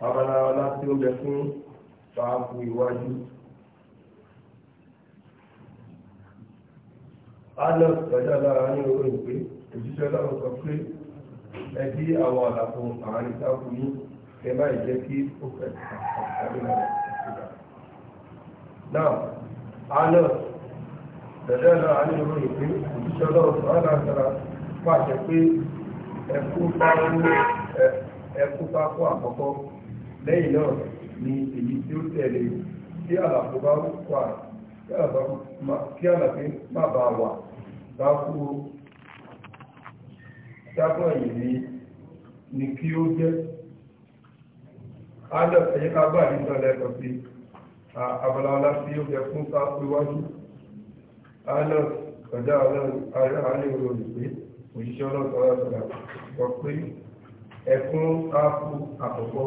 abalawola tí ó bẹ fún fàákù iwájú alọ́ pẹ̀lú alára ní orí ìpé òjíṣẹ́ ọlọ́run sọ pé ẹbí àwọn àlàfo àárín sáfù yìí ẹ má ìjẹ́ kí ó fẹ̀ àtàrí rẹ̀ ìṣẹ̀dá náà alọ́ pẹ̀lú alára ní orí ìpé òjíṣẹ́ ọlọ́run sọ aláàtara pàṣẹ pé ẹkú pákó àkọ́kọ́ lẹ́yìn náà ni èyí tí ó tẹ̀lé kí àlàfo bá wà kí àlàfo má bá wà bá kú sábọ̀ yìí ni kí ó jẹ́ ájọ́ ká gbà nígbà sí tí ó jẹ fún sáfíwájú ájọ́ ọ̀dá alẹ́ olóòrùn pé òṣìṣẹ́ ọlọ́sọ̀rọ̀ sọ pé ẹkún sáfù àkọ́kọ́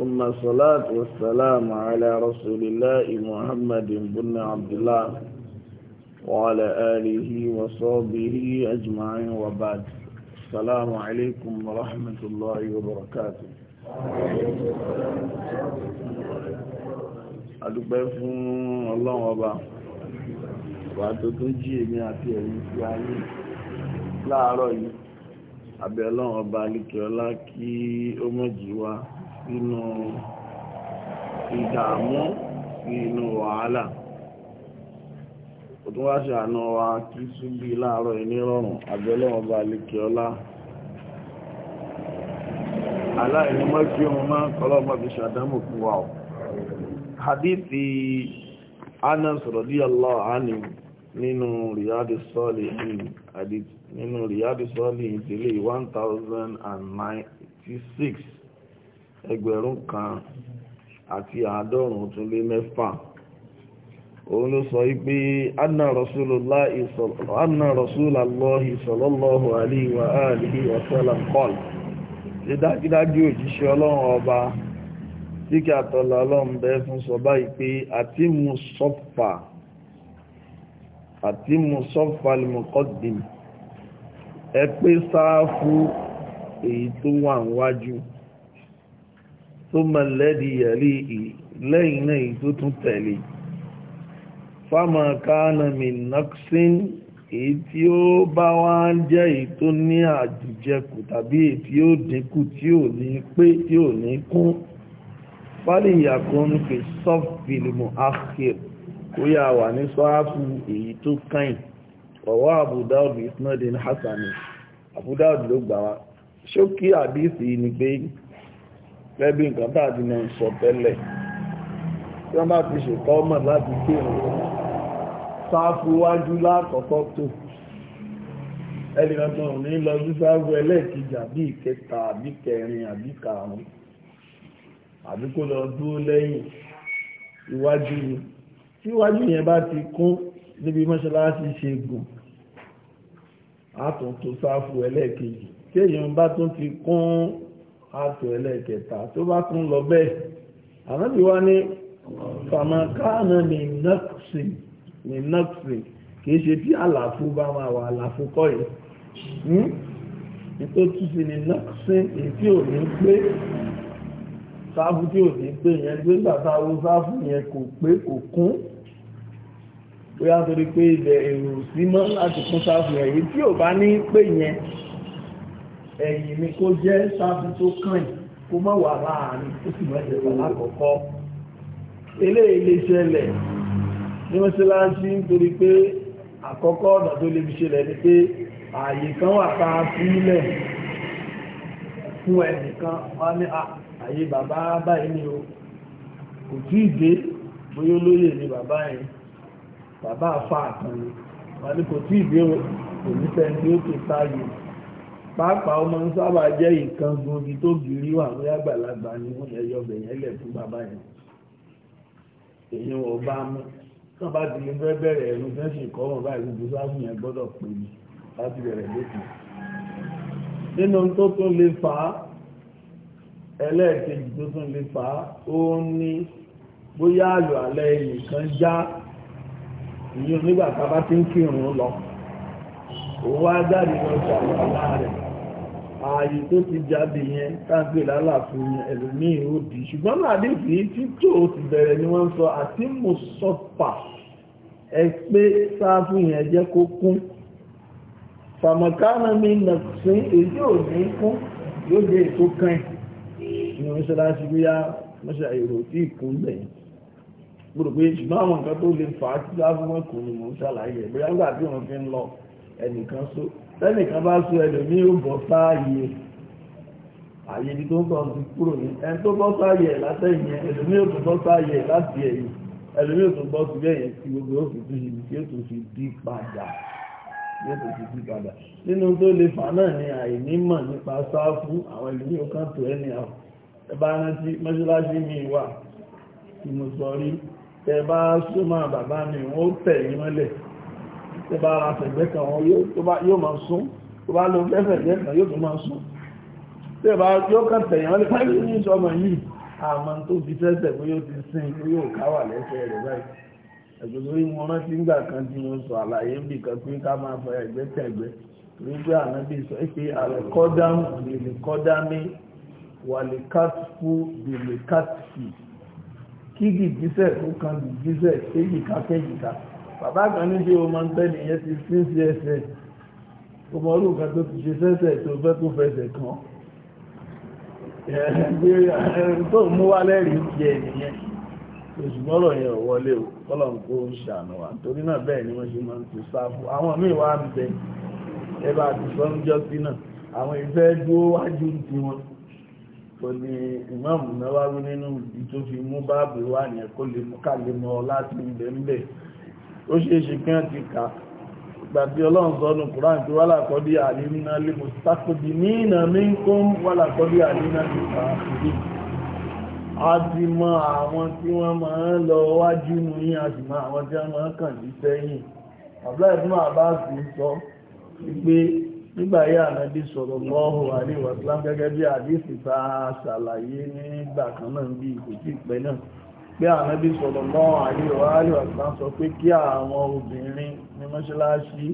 ثم الصلاة والسلام على رسول الله محمد بن عبد الله وعلى آله وصحبه أجمعين وبعد السلام عليكم ورحمة الله وبركاته adúpẹ́ fún ọlọ́run ọba ọba tó jí èmi àti ẹ̀yin sí ayé láàárọ̀ yìí ọba kí ó inú ìdààmú inú wàhálà òtún wá ṣàánú wa kí súbí láàárọ̀ ìnírọ̀rùn àbẹ́lẹ́wọ̀n bá lè kí ọlá aláìní mọ́ kí wọn máa kọlọ́mọ́ fi ṣàdámù fún wa ọ̀ hadithi anas radiyallahu anhu nínú ríyádì sọ́ọ̀lì nínú ríyádì sọ́ọ̀lì ìdílé 1096 ẹgbẹ̀rún kan àti àádọ́rùn-ún tún lé mẹ́fà òun ló sọ wípé anna rasulullahi anna rasulallahi sallallahu alaihi wa alihi wa sallam òjíṣẹ́ ọlọ́run ọba tí kí àtọ́lá ọlọ́run bẹ́ fún sọ báyìí pé àti mú sọ́fà àti mú sọ́fà ẹ pé sáà fún èyí tó wà níwájú ثم الذي يليه لين تتتلي فما كان من نقص èyí tí ó bá wá ń jẹ́ èyí tó ní àjùjẹkù tàbí èyí tí ó dínkù tí ò ní pé tí ò ní kún fálì ìyàkùn fi sọ́fìlìmù akhir kó yà wà ní sọ́áfù èyí tó kàn ọ̀wọ́ Abu Dawud isnadin hasani Abu Dawud ló gbà wá ṣókí àdísì ni pé lẹ́bí nǹkan tá àti náà sọ tẹ́lẹ̀ tí wọ́n bá ti ṣètọ́ mọ̀ láti kí ìrìn sáfù wájú lákọ̀ọ́kọ́ tó ẹnìkan tó ní lọ sí sáfù ẹlẹ́ẹ̀kejì àbí ìkẹta àbí kẹrin àbí karùn-ún àbí kó lọ dúró lẹ́yìn iwájú ni tí iwájú yẹn bá ti kún níbi mọ́ṣáláṣí ṣe gùn á tún tó tí èèyàn bá tún ti kún àtò ẹlẹ́kẹta tó bá tún lọ bẹ́ẹ̀ ànábì wá ní fàmàkánà ní nọ́ọ̀sì ní nọ́ọ̀sì kìí ṣe tí àlàfo bá máa wà àlàfo kọ́ yìí hmm? tó tún sí ní nọ́ọ̀sì èyí tí ò ní pé sáfù tí ò ní pé yẹn gbé gbàtà sáfù yẹn kò pé kò kún bóyá torí pé ilẹ̀ èrò sí mọ́ láti kún sáfù yẹn èyí tí ò bá ní pé yẹn ẹ̀yìn ni kó jẹ́ sáàbù tó kàn kó mọ́ wà láàrin ó sì mọ́ ìjẹ̀bà lákọ̀ọ́kọ́ eléyìí lè ṣẹlẹ̀ ní mọ́ṣáláṣí nítorí pé àkọ́kọ́ ọ̀nà tó lè fi ṣẹlẹ̀ ni pé ààyè kan wà pa sílẹ̀ fún ẹnìkan wọ́n ní ààyè bàbá báyìí ni o kò tí ì dé bóyá olóyè ni bàbá yẹn bàbá àfa àkànni wọ́n ní kò tí ì dé o kò ní fẹ́ ní ó ti sáyé pàápàá ọmọ ń sábà jẹ́ nǹkan gbòógì tó gírí wà ní àgbàlagbà ni wọ́n yẹ yọbẹ̀ yẹn lẹ̀ fún bàbá yẹn èyí wọn bá mú tí wọ́n bá ti lè fẹ́ bẹ̀rẹ̀ ẹ̀rù fẹ́ sì kọ́ wọn báyìí gbogbo sáfù yẹn gbọ́dọ̀ pè mí láti bẹ̀rẹ̀ lókun nínú tó tún lè fà á ẹlẹ́ẹ̀kejì tó tún lè fà á ó ní bóyá àlò alẹ́ nìkan já ìyẹn nígbà tá a bá ti ń kírun lọ òun wá jáde lọ sí àlọ́ àlá rẹ̀ ààyè tó ti jáde yẹn káàkiri lálàfo yẹn ẹlòmíì ó di ṣùgbọ́n láàdé fi títò ti bẹ̀rẹ̀ ni wọ́n ń sọ àti mo sọ pà ẹ pé sáfù yẹn jẹ́ kó kún fàmọ̀kánà mi nà sí èyí ò ní kún yóò ètò kan ní mọ́ṣáláṣí bóyá mọ́ṣá èrò tí ìkún bẹ̀yìn gbọ́dọ̀ pé ṣùgbọ́n àwọn nǹkan tó lè fà á tí sáfù wọn kò ní mọ́ ṣàlàyé bóyá nígbà tẹ́nìkan bá sọ ẹlòmí ó bọ́ sáàyè àyè ibi tó ń tọ́ ti kúrò ní ẹni tó bọ́ sáàyè látẹ̀yìn ẹlòmí ó tún bọ́ sáàyè láti ẹ̀yìn ẹlòmí ó tún bọ́ sí ẹ̀yìn tí gbogbo ó fi túnṣe ibi tí ó tún fi dí padà yóò tún fi dí padà nínú tó lè fà náà ni àìnímọ̀ nípa sáfù àwọn ẹlòmí ó kàn tó ẹni àwọn ẹ bá rántí mọ́ṣáláṣí mi wà tí mo sọ rí tẹ súnmọ́ bàbá mi wọ́n tẹ̀ mọ́lẹ̀ tó bá ara fẹ̀gbẹ́ kan wọn yóò máa sún tó bá lọ fẹ́fẹ̀gbẹ́ kan yóò tún máa sún tí ẹ bá yóò kàn tẹ̀yàn lè fẹ́ ní ìṣọmọ yìí àmọ́ tó fi fẹ́sẹ̀ pé yóò ti sin yóò káwà lẹ́sẹ̀ rẹ̀ báyìí ẹ̀jọ̀gbọ́n yìí wọn rántí ńgbà kan tí mo sọ àlàyé bì kan pé ká máa fọ ẹgbẹ́ tẹ̀gbẹ́ torí pé ànábì sọ pé àlẹ́kọ́dámù lè kọ́dámé wàlẹ́kàtìfù lè kàtìfì kí gìgísẹ̀ tó kan gìgísẹ̀ kéjìká kéjìká bàbá kan ní ṣe ọmọ tẹ́lì yẹn ti fi sí ẹsẹ̀ ọmọ orú kan tó ti ṣe sẹ́sẹ̀ tó fẹ́ tó fẹsẹ̀ kan tó mú wá lẹ́rìí jẹ nìyẹn òṣùgbọ́n ọ̀rọ̀ yẹn ò wọlé o kọ́lọ̀n kó ń ṣàánú wa torí náà bẹ́ẹ̀ ni wọ́n ṣe máa ń ti sáfù àwọn míì wá ń bẹ ẹ bá ti sọ ń jọ sí náà àwọn ìfẹ́ dúró wájú ti wọn kò ní ìmáàmù náà wá rú nínú ìdí tó fi mú báàbù wá yẹn kó lè mú kálẹ̀ mọ́ láti ń bẹ̀ ń bẹ̀ ó ṣeéṣe kí wọ́n ti kà gbàtí ọlọ́run sọ́nù kùrán tí wà lákọ́dí àlìmínà lè mú sákòdì ní ìnà mínkún wà lákọ́dí àlìmínà lè fà ìdí a ti mọ àwọn tí wọ́n máa ń lọ wájú mú yí a sì mọ àwọn tí wọ́n máa ń kàn sí sẹ́yìn àbúlá ìfún àbáàsì ń sọ wípé nígbà yí ànábì sọ̀rọ̀ lọ́hùn àríwá gẹ́gẹ́ bí àdìsí ta ṣàlàyé nígbà kan náà bí ìkòtí ìpẹ́ náà pé ànábì sọ̀rọ̀ mọ́ àríwá àríwá kan sọ pé kí àwọn obìnrin ní mọ́ṣáláṣí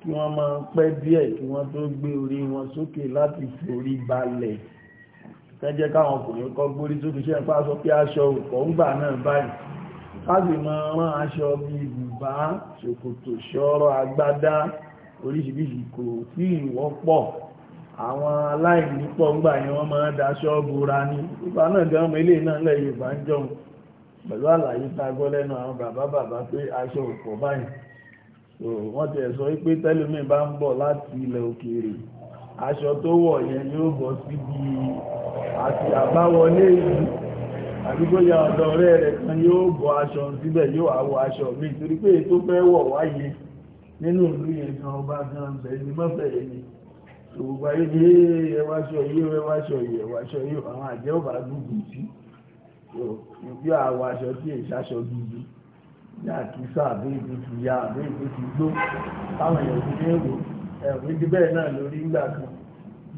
kí wọ́n máa pẹ́ díẹ̀ kí wọ́n tó gbé orí wọn sókè láti forí balẹ̀ kẹjẹ káwọn ọkùnrin kọ gbórí sókè ṣe ń pa sọ pé aṣọ òkò ń gbà náà báyìí láti máa rán aṣọ bíi bùbá ṣòkòtò ṣọ́rọ̀ agbádá oríṣiríṣi kò tí ìwọ́pọ̀ àwọn aláìnípọ̀ ń gbà yẹn wọ́n máa ń daṣọ́ bora ní ìgbà náà gan-an mọ́ ilé náà lẹ́yìn ìgbà ń pẹ̀lú àlàyé tá a gbọ́ lẹ́nu àwọn bàbá bàbá pé aṣọ òpó báyìí so wọ́n ti sọ pé tẹ́lómi bá ń bọ̀ láti ilẹ̀ òkèèrè aṣọ tó wọ̀ yẹn yóò bọ̀ síbi àti àbáwọlé ìlú àdúgbò ya ọ̀dọ̀ ọ̀rẹ́ rẹ̀ kan yóò bọ̀ aṣọ síbẹ̀ yóò àwọ aṣọ mi torí pé tó fẹ́ wọ̀ wáyé nínú ìlú yẹn kan ọba gan bẹ̀rẹ̀ ní mọ́fẹ̀ẹ́ ni òwúgbà yìí ẹwà aṣọ yìí ẹwà aṣọ yìí ẹwà aṣọ yìí àwọn àjẹ́ ọ̀bà gbùgbù sí a awo aṣọ tí èyí ṣaṣọ gidi ní àkísà ti ya àbẹ́ẹ̀bí ti gbó táwọn èèyàn ti ní èrò ẹ̀rù bẹ́ẹ̀ náà lórí ńgbà kan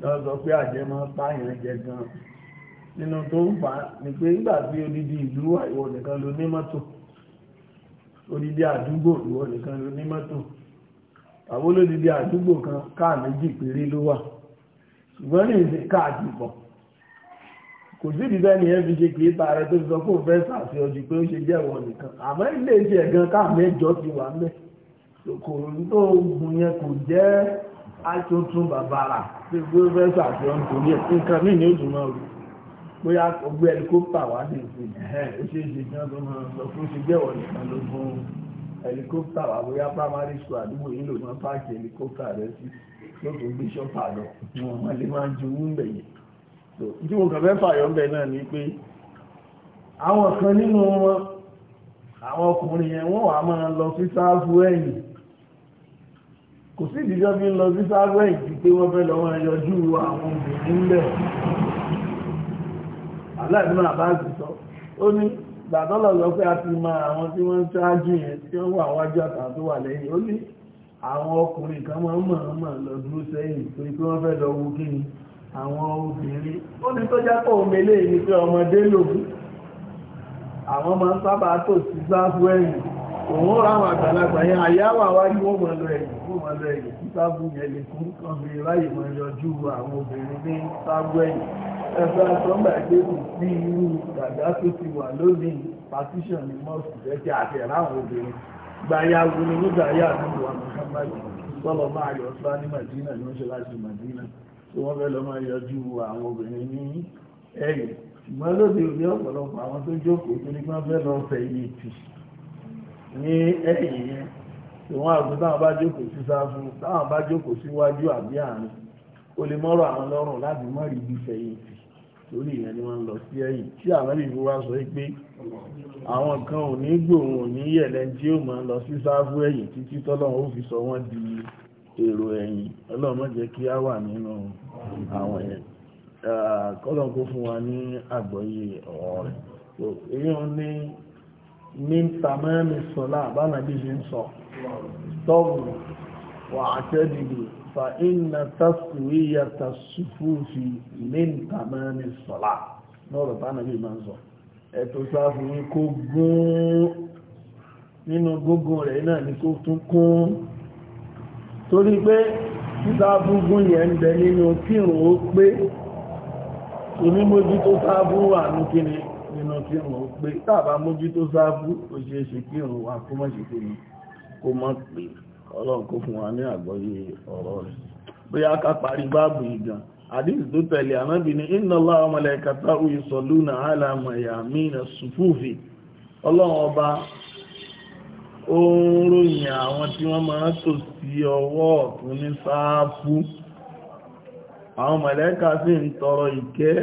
lọ sọ pé àjẹmọ́ pààyàn jẹ gan nínú tó ń fà á ni pé nígbà tí odidi ìlú ìwọ nìkan ló ní mọ́tò odidi àdúgbò ìwọ nìkan ló ní mọ́tò àwọn olódidi kan káà méjì péré ló wà ṣùgbọ́n kò sí ìdíbẹ́ ni ẹ fi ṣe kìí tààrẹ tó sọ fún fẹ́ sàṣẹ ọjọ́ pé ó ṣe jẹ́ ìwọ nìkan àmọ́ ilé iṣẹ́ ẹ̀gan káàmẹ́jọ ti wà mẹ́ kò tó gùn yẹn kò jẹ́ àtúntún bàbàrà tí ó fẹ́ sàṣẹ ọjọ́ ní nǹkan mí ní oṣù náà rú bóyá ọgbẹ́ ẹlikópítà wà ní ìsìn ó ṣe ṣe jẹ́ tó máa sọ fún ṣe jẹ́ ìwọ nìkan ló fún ẹlikópítà wà bóyá primary school àdúgbò yìí lò máa pààkì ẹlikópítà rẹ sí lókè gbé ṣọ́pà wọn lè máa ju wúńbẹ̀ yìí tí mo kàn fẹ́ fàyọ̀ ń bẹ náà ni pé àwọn kan nínú wọn àwọn ọkùnrin yẹn wọ́n wà máa lọ sí sáàbù ẹ̀yìn kò sí ìdíjọ́ bí ń lọ sí sáàbù ẹ̀yìn ti pé wọ́n fẹ́ lọ wọn yọjú àwọn obìnrin ńlẹ̀ aláìmọ́ àbáàzì sọ ó ní gbàtọ́lọ̀ lọ pé a ti mọ àwọn tí wọ́n ń ṣáájú yẹn tí wọ́n wà wájú àtàwọn tó wà lẹ́yìn ó ní àwọn ọkùnrin kan máa ń mọ̀ ọ́n mọ̀ lọ dúró sẹ́yìn torí pé wọ́n fẹ́ lọ wo kí ni àwọn obìnrin ó ní tó jápọ̀ omele ní pé ọmọdé lòbí àwọn máa ń sábà tò sí sáfú ẹ̀yìn òun ráwọn àgbàlagbà yẹn àyáwà wá ní wọ́n mọ̀ lọ ẹ̀yìn wọ́n mọ̀ lọ ẹ̀yìn sí sáfú yẹn lè fún kan fi ráyè mọ̀ yọjú àwọn obìnrin ní sáfú ẹ̀yìn ẹ̀fẹ́ àtọ́gbà ìgbésù sí irú dàgbà tó ti wà lónìí partition ní mọ́ọ̀sì lẹ́kẹ̀ àti ẹ̀ráwọn obìnrin gbayawu ni nígbà yà àdúgbò àmọ́ sábà yìí sọ́lọ́ tí wọ́n fẹ́ lọ máa yọjú àwọn obìnrin ní ẹ̀yìn ṣùgbọ́n lóde òní ọ̀pọ̀lọpọ̀ àwọn tó jókòó tó ní wọ́n fẹ́ lọ fẹ̀ yìí tì ní ẹ̀yìn yẹn tí wọ́n àgbẹ̀ táwọn bá jókòó sí sáfún táwọn bá jókòó síwájú àbí àárín ó lè mọ́rọ̀ àwọn lọ́rùn láti mọ́ rí ibi fẹ̀yìn tì torí ìyẹn ni wọ́n lọ sí ẹ̀yìn tí àwọn ìlú wa sọ pé àwọn kan ò ní gbòòrùn ò ní yẹ̀lẹ́ tí ó máa lọ sí sáfún ẹ̀yìn títí tọ́lọ́run ó fi sọ wọ́n di èrò ẹ̀yìn ọlọ́run má jẹ́ kí a wà nínú àwọn ẹ̀ kọ́lọ̀n kó fún wa ní àgbọ́yé ọ̀rọ̀ rẹ̀ èyí wọn ní ní tàmẹ́mì sọ́lá àbánà bí ṣe ń sọ tọ́wù wà àtẹ́dìdì fa iná tàṣíwíyà tàṣífúfì ní tàmẹ́mì sọ́lá lọ́rọ̀ bánà bí máa ń sọ ẹ̀tọ́ sáfù ní kó gún nínú gógún rẹ̀ náà ni kó tún kún torí pé sáàbùgún yẹn ń bẹ nínú kírùn ó pé omi mójútó sáàbù wà ní kíni nínú kírùn ó pé tàbá mójútó sáàbù ó ṣe é ṣe kírùn wà kó mọ́ ṣe kíni kó mọ́ pé ọlọ́run kó fún wa ní àgbọ́yé ọ̀rọ̀ rẹ̀ bóyá ká parí báàbù ìgbọ̀n àdíjì tó tẹ̀lé ànábì ní inna Allaha wa malaikatahu yusalluna ala mayamina sufufi ọlọ́run ọba ó ń ròyìn àwọn tí wọ́n sí ọwọ́ ọ̀tún ní sáàfú àwọn mọ̀lẹ́kà sì ń tọrọ ìkẹ́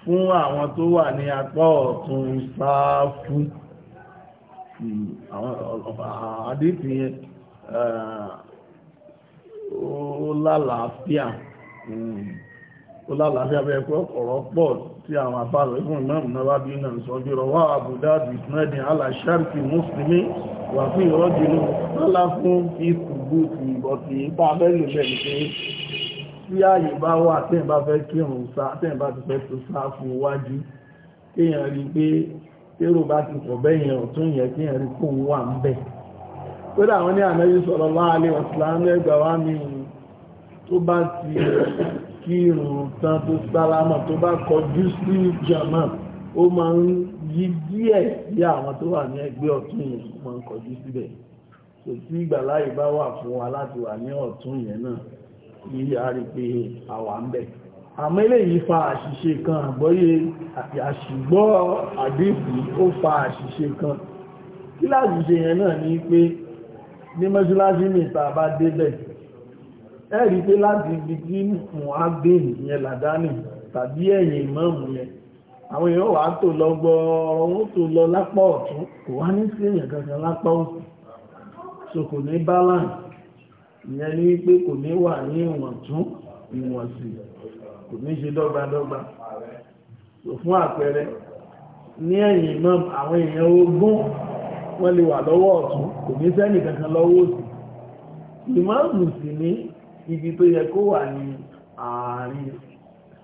fún àwọn tó wà ní apá ọ̀tún sáàfú àdìsí ó lálàáfíà hmm ó lálàáfíà bẹ́ẹ̀ pé ọ̀rọ̀ pọ̀ tí àwọn afárọ̀ ikú ìmáàmù náà wá bí iná ìsọ́jú rọ̀ wá àbúdá bìtìmẹ́dì aláṣẹ́rìkì mùsùlùmí wà fún ìrọ́jìnú lọ́lá fún ìkùgbù ti ìbọ̀tí bá bẹ́lú bẹ́ẹ̀ pé tí ààyè bá wà tẹ́ẹ̀ bá fẹ́ kírun sá tẹ́ẹ̀ bá ti fẹ́ tó sá fún wájú kéèyàn rí pé térò bá ti pọ̀ bẹ́yẹn ọ̀tún yẹn kéèyàn rí kóun wà ń bẹ̀ kódà wọn ní ànábì sallallahu alaihi wasallam ẹgbàá tó bá ti kírun tán tó sálámà tó bá kọjú sí jàmá ó máa ń yí díẹ̀ bí àwọn tó wà ní ẹgbẹ́ ọ̀tún yẹn máa ń kọjú síbẹ̀ kò sí ìgbàláyè bá wà fún wa láti wà ní ọ̀tún yẹn náà kí a rí pé àwa ń bẹ̀ àmọ́ eléyìí fa àṣìṣe kan àgbọ́yé àṣìgbọ́ àdéhùn ó fa àṣìṣe kan kí láti ṣe yẹn náà ni pé ní mọ́ṣáláṣí mi tá bá débẹ̀ ẹ̀rí pé láti ibi tí muhammed yẹn làdáni tàbí ẹ̀yìn ìmọ̀ọ̀mù yẹn àwọn èèyàn to tó lọ gbọ́ọ̀rọ̀ wọn tó lọ lápá ọ̀tún kò wá ní sí èèyàn kankan lápá so kò ní balance ìyẹn ní pé kò ní wà ní ìwọ̀ntún ìwọ̀nsì kò ní ṣe dọ́gbadọ́gba so fún àpẹẹrẹ ní ẹ̀yìn imam àwọn èèyàn ogún wọ́n lè wà lọ́wọ́ ọ̀tún kò ní sẹ́nì kankan ibi tó yẹ kó wà ní ààrin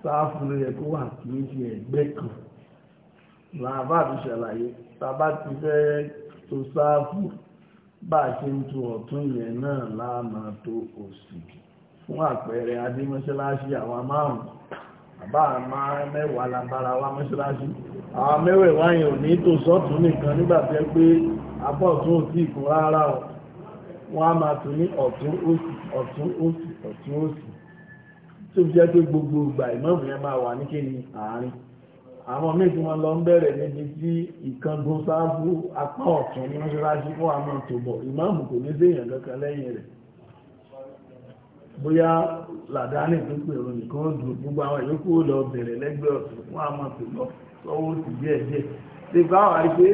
sáàfù ló yẹ kó wà kí ní ti ẹ̀gbẹ́ kan làbá àti ṣàlàyé tàbá ti fẹ́ tó sáàfù bá ṣe ń tu ọ̀tún yẹn náà láàmà tó òsì fún àpẹẹrẹ adémọ́ṣáláṣí àwa márùn-ún àbá mẹ́wàá labára wa mọ́ṣáláṣí àwọn mẹ́wẹ̀ẹ́wá yẹn ò ní tò sọ́tún nìkan nígbà tẹ́ pé abọ́ ọ̀tún ò tí ì kún rárá o wọ́n á máa tún ní ọ̀tún òsì ọ̀tún òsì ọ̀tún òsì tó jẹ́ pé gbogbo ìgbà ìmọ̀ọ̀mù yẹn máa wà ní kéde àárín àwọn méjì wọn lọ ń bẹ̀rẹ̀ níbi tí ìkángun sáájú apá ọ̀tún ní mọ́ṣáláṣí fún àwọn tòbọ̀ ìmọ̀ọ̀mù kò ní séèyàn kankan lẹ́yìn rẹ̀ bóyá làdáni tó pèrò nìkan dùn gbogbo àwọn ìyókù lọ bẹ̀rẹ̀ lẹ́gbẹ̀ẹ́ ọ̀tún fún àwọn tòbọ̀ lọ́wọ́ sí díẹ̀ díẹ̀ ṣe báwa rí pé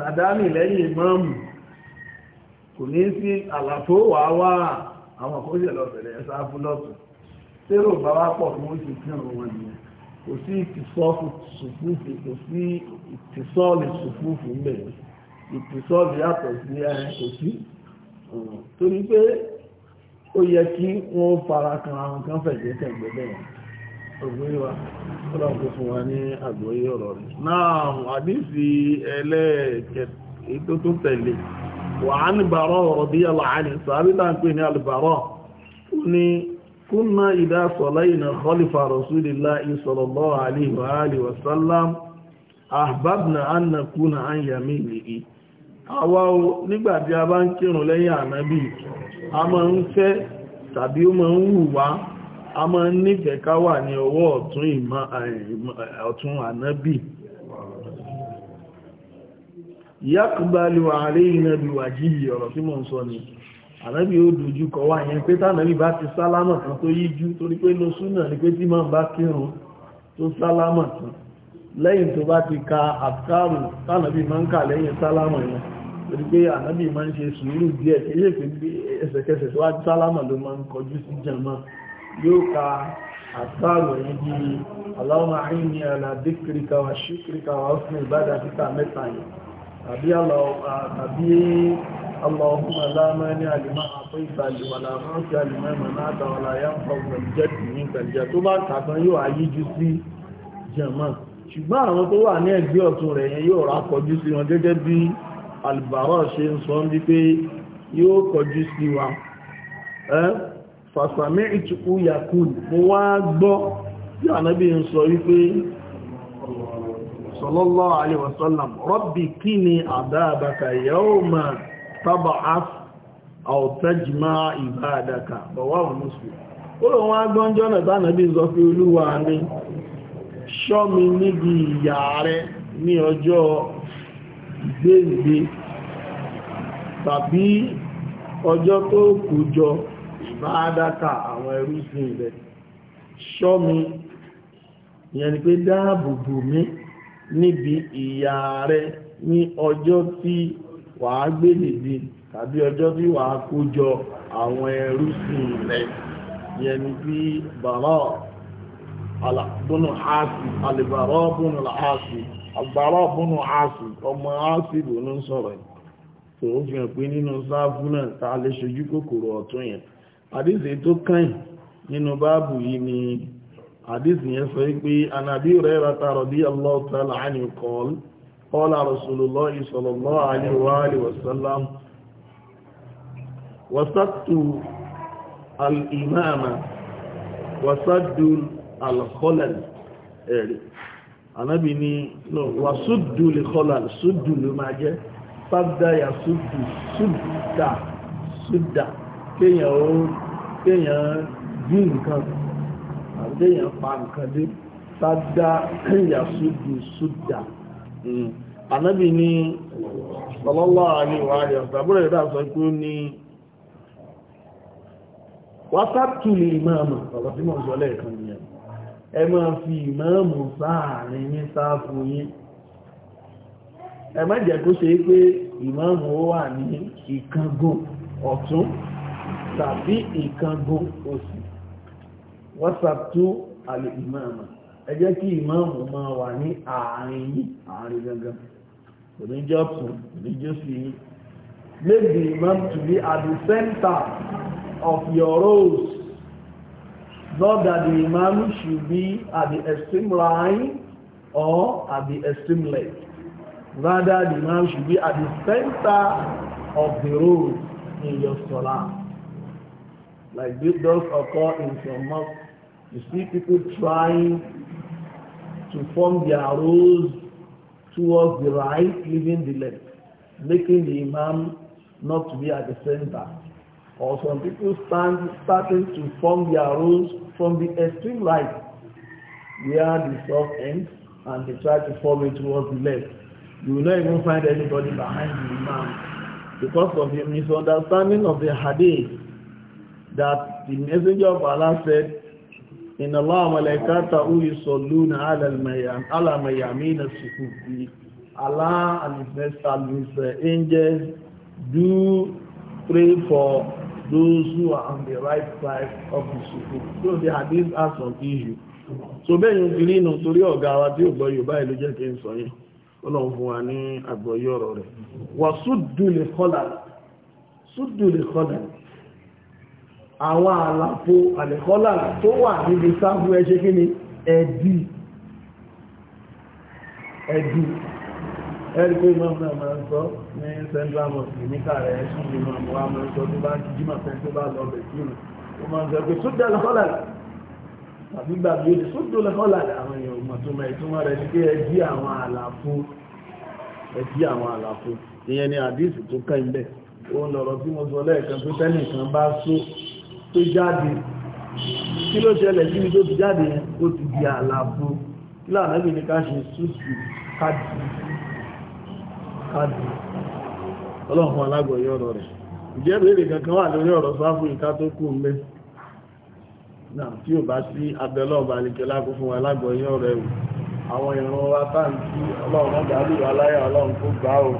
làdáni lẹ́yìn ìmọ̀ọ̀mù kò ní sí àlàfo wà wá àwọn kò ṣe lọ́bẹ̀rẹ̀ ẹ̀sà fúlọ́tù tẹ́rò bá wá pọ̀ mú sí kírùn wọn ni kò sí ìtìsọ́ọ̀lù sùfúfù kò sí ìtìsọ́ọ̀lù sùfúfù ń bẹ̀rẹ̀ ìtìsọ́ọ̀lù yàtọ̀ sí ẹ̀ kò sí torí pé ó yẹ kí wọ́n fara kan àwọn kan fẹ̀jẹ̀ tẹ̀gbẹ́ bẹ́ẹ̀ ògbéwà ọlọ́pọ̀ fún wa ní àgbóyé ọ̀rọ̀ rẹ̀ náà àdísì ẹlẹ́ẹ̀kẹ́ tó tó tẹ̀lé وعن براء رضي الله عنه صحابي كان البراء ني كنا إذا صلينا خلف رسول الله صلى الله عليه وآله وسلم أحببنا أن نكون عن يمينه أو o nígbàtí a bá ń kírun lẹ́yìn ànábì a máa ń fẹ́ tàbí ó máa ń wù wá a máa ń nífẹ̀ẹ́ ká ní ọwọ́ ọ̀tún ànábì yàkùbálù ààrẹ ìrìnàbí wàjí ọ̀rọ̀ tí mò ń sọ ni ànábì ó dojú kọ wá yẹn pé tánàbí bá ti sálámà kan tó yíjú torí pé ló súnà ní pé tí máa bá kírun tó sálámà kan lẹ́yìn tó bá ti ka àtàrù tánàbí máa ń kà lẹ́yìn sálámà yẹn torí pé ànábì máa ń ṣe sùúrù díẹ̀ kí lè pé ẹsẹ̀kẹsẹ̀ tó wá sálámà ló máa àtàrù ẹ̀yìn bí aláwọ̀ àìní àlàdékìríkà wà ṣíkìríkà wà ó ìbádà títà mẹ́ta yẹn àbí Allahumma la mania lima àpẹ́ta ìwàlà mọ́sí àlìmọ́ ìmọ̀nà àtàwàlà yá ń fọ́gbọ̀n jẹ́ tì ní ìpẹ̀lẹ̀ tó bá tàbí yóò ayé jù sí jẹ̀mọ́ ṣùgbọ́n àwọn tó wà ní ẹgbẹ́ ọ̀tún rẹ̀ yẹn yóò rá kọjú sí wọn gẹ́gẹ́ bí albàrọ̀ ṣe ń sọ ní pé yóò kọjú sí wa fàfàmí ìtukú yakun mo wá gbọ́ bí ànábì ń sọ wípé sallallahu alaihi wasallam rabbi qini adabaka yawma tab'ath aw tajma' ibadaka rawahu muslim ó lọ wọn agbọ́njọ́ náà tánàbí sọ pé olúwa ní ṣọ́ mi níbi ìyà rẹ ní ọjọ́ ìgbéǹde tàbí ọjọ́ tó kù jọ àwọn ẹrúsìn rẹ̀ ṣọ́ mi pé dáàbòbò mi níbi ìyà rẹ ní ọjọ́ tí wàá gbé nìdí tàbí ọjọ́ tí wàá kójọ àwọn ẹrúsìn rẹ yẹni bí bàrá bùnú àásì àlèbàrá bùnú àásì àgbàrá bùnú àásì ọmọ àásì bùnú sọ̀rọ̀ yìí tó ó fi hàn pé nínú sáfù náà ta lè ṣojú kòkòrò ọ̀tún yẹn àdíṣe tó kàn nínú báàbù yìí ni hadith yẹn sọ pé anabi rẹ́ra tààrọ̀ bí allahu ta'ala ani kọ́l kọ́lá rasulullah sallallahu alaihi wa sallam wasattu al-imama wasattu al-khalal ẹ̀rí anábi ni no wa suddu li khalal suddu ló máa jẹ́ sábdá ya suddu sudda sudda kéèyàn ó kéèyàn dín nǹkan déèyàn pa nǹkan dé sádá ẹ̀yà sódù sódà hmm. ànábì ní sallallahu alaihi wa alihi ọ̀sán àbúrò ìdá sọ pé ó ní wátàtù lè ìmáàmù ọ̀rọ̀ tí mọ̀ ń sọ lẹ́ẹ̀kan nìyẹn ẹ máa fi ìmáàmù sáàrin ní sáàfù yín ẹ má jẹ́ kó ṣe pé ìmáàmù wà ní ìkangun ọ̀tún tàbí ìkangun òsì wọ́sàtú àlè ìmáàmà ẹ jẹ́ kí ìmáàmù máa wà ní àárín yìí àárín gangan kò ní jẹ́ ọ̀tún kò ní yìí make the imam to be at the center of your roles not that the imam should be at the extreme line or at the extreme left rather the imam should be at the center of the roles in your salah like this does occur in some mosques You see people trying to form their roles towards the right, leaving the left, making the imam not to be at the center. Or some people stand, starting to form their roles from the extreme right, where the soft ends, and they try to form it towards the left. You will not even find anybody behind the imam because of the misunderstanding of the hadith that the messenger of Allah said inna Allaha wa malaikatahu yusalluna 'ala man ya'minu as-sufuf. Allah and his messengers, angels, do pray for those who are on the right side of the sufuf. So the hadith has some issue. So bẹ́ẹ̀ yóò fi rí inú torí ọ̀gá wa tí ò gbọ́ Yorùbá ìlú jẹ́ kí n sọ yẹn. Ọlọ́run fún wa ní àgbọ́yé ọ̀rọ̀ rẹ̀. Wà súdùlẹ̀ kọ́là. Súdùlẹ̀ kọ́là àwọn àlàfo àlẹ́kọ́là tó wà níbi sáfù ẹṣẹ́ kí ni ẹ̀dì ẹ̀dì ẹ̀rìkọ́ ìmọ̀ náà máa ń sọ ní central mosque níkà rẹ̀ ẹ̀ṣùn ìmọ̀ àwọn àmọ́ sọ tó bá jí jímọ̀ fẹ́ tó bá lọ bẹ̀ kí ni ó máa ń sọ pé sódà lẹ́kọ́là tàbí gbàgbé sódà lẹ́kọ́là àwọn èèyàn mọ̀túnmọ̀ ìtumọ̀ rẹ̀ ní pé ẹ̀dì àwọn àlàfo ẹ̀dì àwọn àlàfo ìyẹn ni àdíìsì tó kẹ́ ń bẹ̀ ó ń lọ̀rọ̀ tí mo sọ lẹ́ẹ̀kan tó tẹ́nìkan bá só tó jáde kí ló ṣẹlẹ̀ sí ibi tó ti jáde yẹn ó ti di àlàbò kí lànàbì ní ká ṣe súsù káàdì káàdì ọlọ́run alágbọ̀yọ́ ọ̀rọ̀ rẹ̀ ìjẹ́ bèèrè kankan wà lórí ọ̀rọ̀ sáfù ìká tó kù mẹ́ náà tí ò bá sí abẹ́lọ́ọ̀bà nìkẹ́ lákún fún alágbọ̀yọ́ rẹ̀ o àwọn ìran wa táǹtí ọlọ́run dàbí aláyà ọlọ́run tó gbá o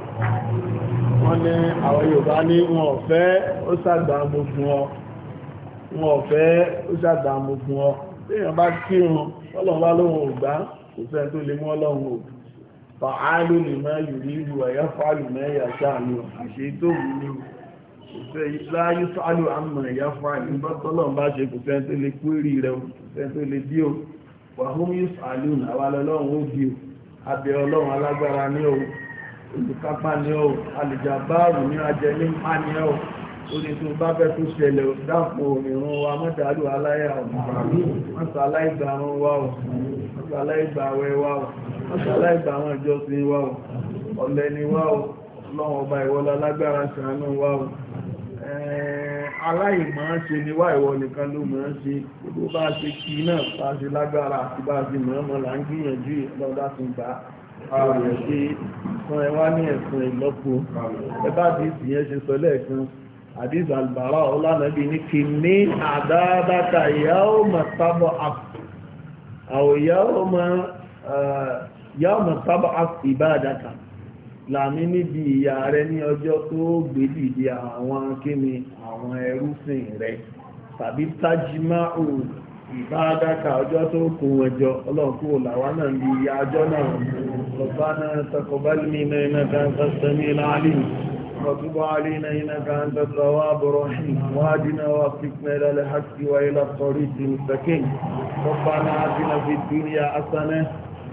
wọ́n ní àwọn Yorùbá ní wọn ọ̀fẹ́ ó sàgbà gbogbo wọn wọn ọ̀fẹ́ ó ṣàgbà mogun ọ èèyàn bá kírun ọlọ́run bá lóhun ògbá kò sẹ́ni tó lè mú ọlọ́run ògbà fàálù lè má yìí ìlú ẹ̀yà fàálù mẹ́yà sáàmì àṣẹ tó wù ní òṣè láyé fàálù àmà ẹ̀yà fàálù bá tọ́lọ́run bá ṣe kò sẹ́ni tó lè kúrì rẹ̀ kò sẹ́ni tó lè bí o wàhún yìí fàálù náà lọ́lọ́run ó bí o abẹ ọlọ́run alágbára ní o olùkápá ní o alìjàbáàrù ní ajẹ́ ní má ní o orí tó bá fẹ́ tó ṣẹlẹ̀ dápò ìrún wa mọ́tàlú aláyà mọ́tà aláìgbà wọn wá ò mọ́tà aláìgbà wẹ wá ò mọ́tà aláìgbà wọn ni wá ò ọlọ́run ọba ìwọlá lágbára ṣàánú wá ò aláìmọ̀ ń ṣe ni wá ìwọ nìkan ló mọ̀ ń ṣe gbogbo bá ṣe kí náà bá ṣe lágbára àti bá ṣe mọ̀ọ́mọ̀ là ń gbìyànjú ìlọ́dá ti gbà ààrẹ̀ sí fún ẹwà ní ẹ̀sùn ìlọ́po ẹbá bí ìsìyẹn ṣe sọ lẹ́ẹ̀kan àdìsí àlùbárà ọlànàbí ní kì ní àdáadáta yàó mà sábọ̀ àwọ̀ yàó mà sábọ̀ ìbáadáta làmí níbi ìyà rẹ ní ọjọ́ tó gbèdìdì àwọn kíni àwọn ẹrúsìn rẹ tàbí tajima òun ìbáadáka ọjọ́ tó kún ẹjọ́ ọlọ́ọ̀kú làwọn náà bí ìyà ọjọ́ náà lọ́bánà taqabbal minna innaka antas-sami'ul 'alim وتب علينا إنك أنت التواب الرحيم واجنا وفقنا إلى الحق وإلى الطريق المستقيم ربنا آتنا في الدنيا حسنة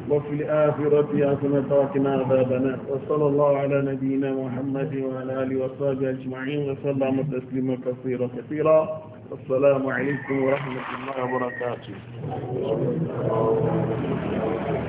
وفي الآخرة حسنة وقنا عذاب وصلى الله على نبينا محمد وعلى آله وصحبه أجمعين وسلم تسليما كثيرا كثيرا والسلام عليكم ورحمة الله وبركاته